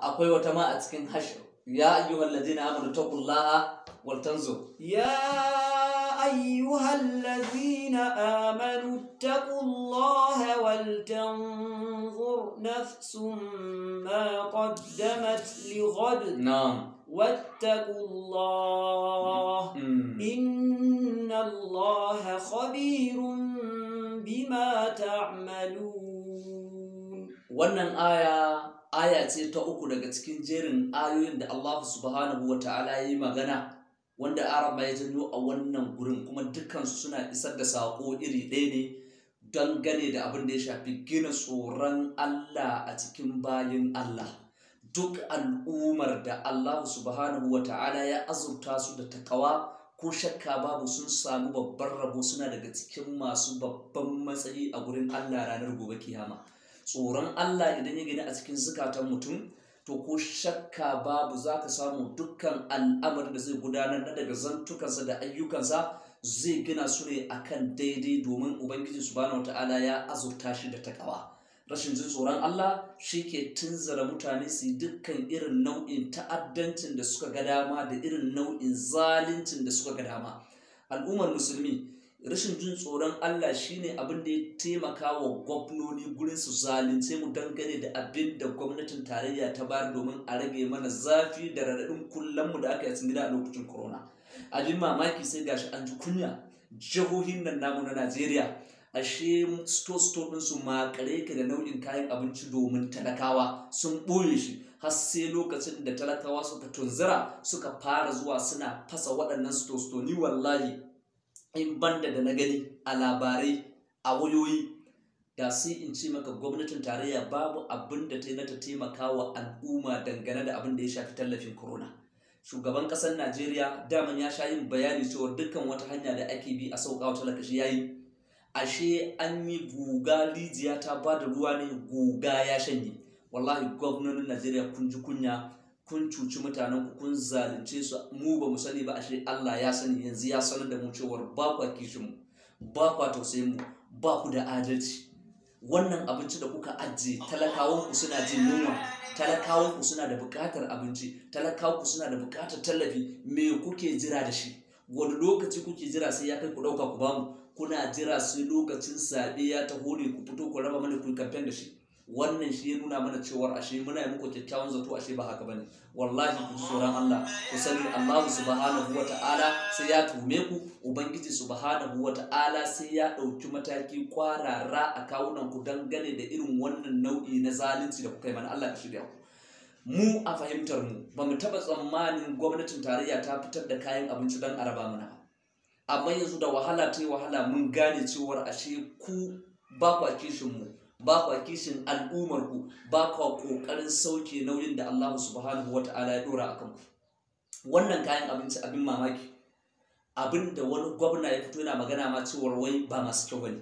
akwai wata ma a cikin hash ya ayyuhal ladina amanu taqullaha wal tanzur ya ayyuhal ladina amanu taqullaha wal tanzur nafsum ma qaddamat li ghad na'am واتقوا الله إن الله خبير بما تعملون wannan aya aya ce ta uku daga cikin jerin ayoyin da Allah subhanahu wa ta'ala ya yi magana wanda araba ya janyo a wannan gurin kuma dukansu suna isar da saƙo iri ɗaya ne don gane da abin da ya shafi gina tsoron Allah a cikin bayin Allah duk al'ummar da Allah subhanahu wa ta'ala ya azurta su da takawa ko shakka babu sun samu babban rabo suna daga cikin masu babban matsayi a gurin Allah ranar gobe kiyama tsoron Allah idan ya gani a cikin zukatan mutum to ko shakka babu za ka samu dukkan al'amur da zai gudanar da daga zantukansa da ayyukansa zai gina su ne akan daidai domin ubangiji subhanahu ta'ala ya azurta shi da takawa rashin jin tsoron Allah shi ke tunzara mutane su dukkan irin nau'in ta'addancin da suka ga dama da irin nau'in zaluncin da suka ga dama al'ummar musulmi rashin jin tsoron Allah shine abin da ya taimaka wa gwamnoni gurin su zalunce mu dangane da abin da gwamnatin tarayya ta bayar domin a rage mana zafi da raɗaɗin kullanmu da aka yi gida a lokacin corona abin mamaki sai gashi an ji kunya jihohin nan namu na Najeriya ashe store din ɗinsu makare ka da nau'in kayan abinci domin talakawa sun ɓoye shi har sai lokacin da talakawa suka tunzura suka fara zuwa suna fasa waɗannan store ni wallahi in banda da na gani a labarai a wayoyi da sai in ce maka gwamnatin tarayya babu abin da ta yi na ta taimaka wa al'umma dangane da abin da ya shafi tallafin corona shugaban ƙasar najeriya daman ya sha yin bayani cewa dukkan wata hanya da ake bi a sauka wata lakashi ya yi ashe an yi guga rijiya ta ba da ruwa ne guga ya shanye wallahi gwamnonin najeriya kun ji kunya kun cuci mutanen ku kun zalunce su mu ba mu sani ba ashe Allah ya sani yanzu ya sanar da mu cewar ba ku kishin mu ba ku tausayin mu ba ku da adalci wannan abinci da kuka ajiye talakawan ku suna jin yunwa talakawan ku suna da buƙatar abinci talakawan ku suna da buƙatar tallafi me kuke jira da shi wani lokaci kuke jira sai ya kai ku ɗauka ku bamu kuna jira sai lokacin sabe ya taho ne ku fito ku raba mana ku kamfen da shi wannan shi ya nuna mana cewar ashe muna yi muku kyakkyawan zato ashe ba haka bane wallahi ku tsoron Allah ku sani Allah subhanahu wata'ala sai ya tume ku ubangiji subhanahu wata'ala sai ya ɗauki mataki kwarara a kawunan ku dangane da irin wannan nau'i na zalunci da kuka yi mana Allah ya shirya ku mu a fahimtar mu ba mu taɓa tsammanin gwamnatin tarayya ta fitar da kayan abinci dan araba mana amma yanzu da wahala ta yi wahala mun gane cewar ashe ku ba kwa kishin mu ba kwa kishin al'umar ku ba kwa kokarin sauke nauyin da Allah subhanahu Ta'ala ya dora akan ku wannan kayan abinci abin mamaki abin da wani gwamna ya fito yana magana ma cewar wai ba masu kyau bane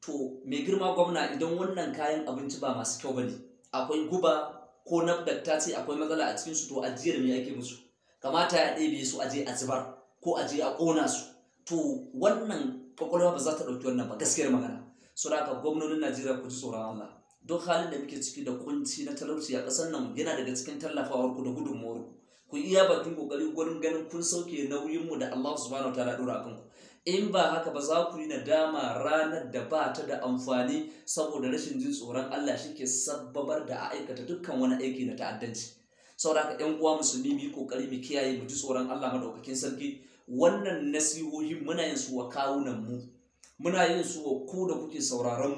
to mai girma gwamna idan wannan kayan abinci ba masu kyau bane akwai guba ko nafdar ce akwai matsala a cikin su to ajiyar me ake musu kamata ya ɗebe su aje a zubar ko aje a ƙona su to wannan kwakwalwa ba za ta ɗauki wannan ba gaskiyar magana so da gwamnonin Najeriya ku ji tsoron Allah don halin da muke ciki da kunci na talauci a ƙasar nan yana daga cikin tallafawar ku da gudunmuwar ku ku iya bakin kokari gurin ganin kun sauke nauyin mu da Allah subhanahu wataala dora kan ku in ba haka ba za ku yi nadama ranar da ba ta da amfani saboda rashin jin tsoron Allah shike sabbabar da a aikata dukkan wani aiki na ta'addanci saboda haka ƴan uwa musulmi mu yi kokari mu kiyaye mu ji tsoron Allah madaukakin sarki wannan nasihohi muna yin su wa kawunan mu muna yin su wa ku da kuke sauraron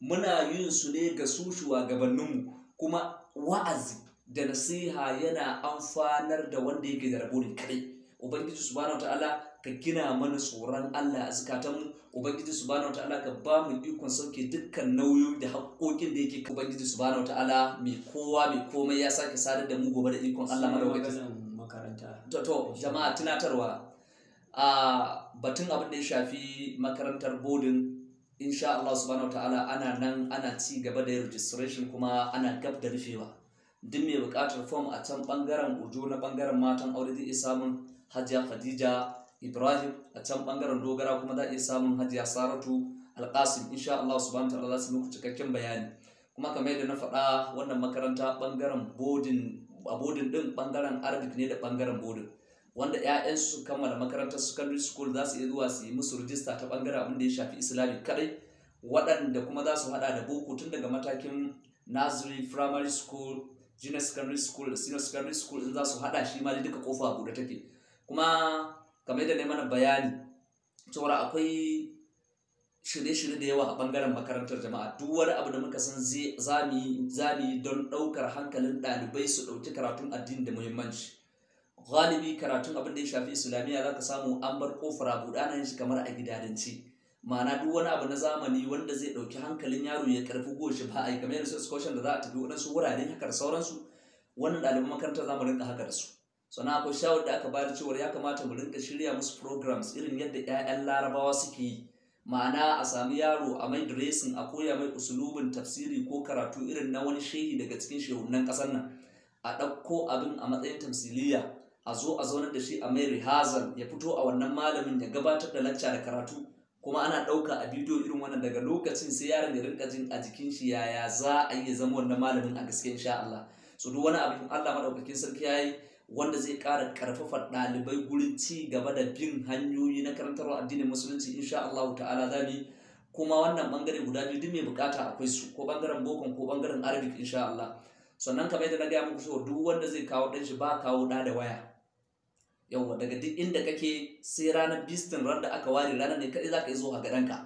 mu muna yin su ne ga su shugabanninmu kuma wa'azi da nasiha yana amfanar da wanda yake da rabo ne kadai ubangiji subhanahu ta'ala ka gina mana tsoron Allah a mu ubangiji subhanahu ta'ala ka ba mu ikon sauke dukkan nauyoyi da haƙoƙin da yake ubangiji subhanahu ta'ala mai kowa mai komai ya sake sadar da mu gobe da ikon Allah madaukakin makaranta to jama'a tunatarwa a batun abin da ya shafi makarantar bodin insha Allah subhanahu wa ta'ala ana nan ana ci gaba da registration kuma ana gab da rufewa duk mai buƙatar fom a can ɓangaren ujo na bangaren matan aure zai iya samun hajiya khadija ibrahim a can bangaren dogara kuma za a iya samun hajiya saratu alƙasim insha Allah subhanahu wa ta'ala za su muku cikakken bayani kuma kamar yadda na faɗa wannan makaranta ɓangaren bodin a bodin din bangaren arabic ne da ɓangaren bodin wanda 'ya'yansu su kammala makarantar secondary school za su iya zuwa su yi musu rijista ta bangare abin da ya shafi islami kadai waɗanda kuma za su haɗa da boko tun daga matakin nursery primary school junior secondary school da senior secondary school in za su haɗa shi ma duka kofa buɗe take kuma kamar yadda neman bayani cewar akwai shirye-shirye da yawa a bangaren makarantar jama'a duk wani abu da muka san zami don ɗaukar hankalin ɗalibai su ɗauki karatun addini da muhimmanci galibi karatun abin da ya shafi islamiya za ka samu an bar kofar abu shi kamar a gidadanci ma'ana duk wani abu na zamani wanda zai ɗauki hankalin yaro ya karfi goshi ba a yi kamar yanzu excursion da za a tafi waɗansu wurare hakar sauransu wannan ɗaliban makarantar za mu rinka haka da su sannan akwai shawar da aka ba da cewar ya kamata mu rinka shirya musu programs irin yadda 'ya'yan larabawa suke yi ma'ana a sami yaro a mai dressing a koya mai usulubin tafsiri ko karatu irin na wani shehi daga cikin shehunan ƙasar nan a ɗauko abin a matsayin tamsiliya a zo a zaunar da shi a mai rihazan ya fito a wannan malamin ya gabatar da lacca da karatu kuma ana ɗauka a bidiyo irin wannan daga lokacin sai yaron ya rinka jin a jikin shi yaya za a iya zama wannan malamin a gaske insha Allah so duk wani abin Allah madaukakin sarki ya yi wanda zai ƙara ƙarfafa ɗalibai gurin ci gaba da bin hanyoyi na karantarwa addinin musulunci insha Allah ta'ala zamu kuma wannan bangare guda biyu duk mai bukata akwai su ko bangaren boko ko bangaren arabic insha Allah sannan kamar yadda na gaya muku cewa duk wanda zai kawo ɗan shi ba kawo ɗa da waya yawwa daga duk inda kake sai ranar bistin ranar da aka ware ranar ne kaɗai za ka yi zuwa ga ɗanka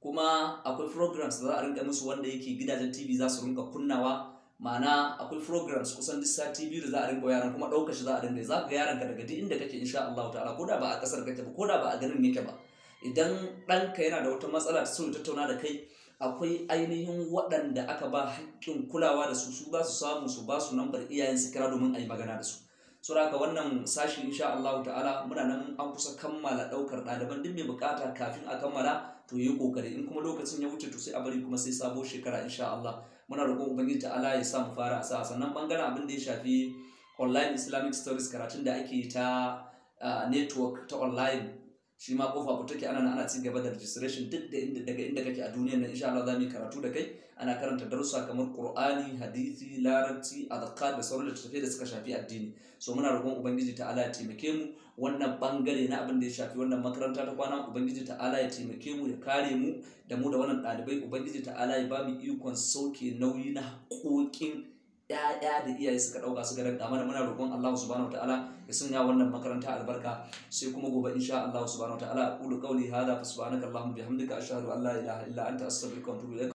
kuma akwai programs da za a rinka musu wanda yake gidajen tv za su rinka kunnawa ma'ana akwai programs kusan duk sati biyu da za a rinka yaran kuma ɗaukar shi za a rinka za ka yaranka daga duk inda kake insha Allah ta'ala ko da ba a ƙasar kake ba ko da ba a garin yake ba idan ɗanka yana da wata matsala su tattauna da kai akwai ainihin waɗanda aka ba haƙƙin kulawa da su su ba su samu su ba su nambar iyayen su kira domin a yi magana da su saboda wannan sashi insha Allah ta'ala muna nan an kusa kammala daukar ɗaliban duk mai bukata kafin a kammala to yi kokari in kuma lokacin ya wuce to sai a bari kuma sai sabo shekara insha Allah muna roƙo ubangiji ta'ala ya sa mu fara a sa sannan bangaren abin da ya shafi online islamic stories karatun da ake ta ah, network ta online shi ma kofa ku ke ana ana ci gaba da registration duk da inda daga inda kake a duniyar nan insha Allah za mu yi karatu da kai ana karanta darussa kamar Qur'ani hadisi larabci azkar da sauran littattafai da suka shafi addini so muna roƙon ubangiji ta Allah ya taimake mu wannan bangare na abin da ya shafi wannan makaranta ta kwana ubangiji ta Allah ya taimake mu ya kare mu da mu da wannan dalibai ubangiji ta Allah ya ba mu ikon sauke nauyi na hakokin. ya'ya da iyaye suka ɗauka su garanta mana muna roƙon Allah subhanahu wataala ya sanya wannan makaranta albarka sai kuma gobe insha Allah subhanahu wataala aqulu qawli hadha fa subhanaka allahumma bihamdika ashhadu an la ilaha illa anta astaghfiruka wa atubu ilayk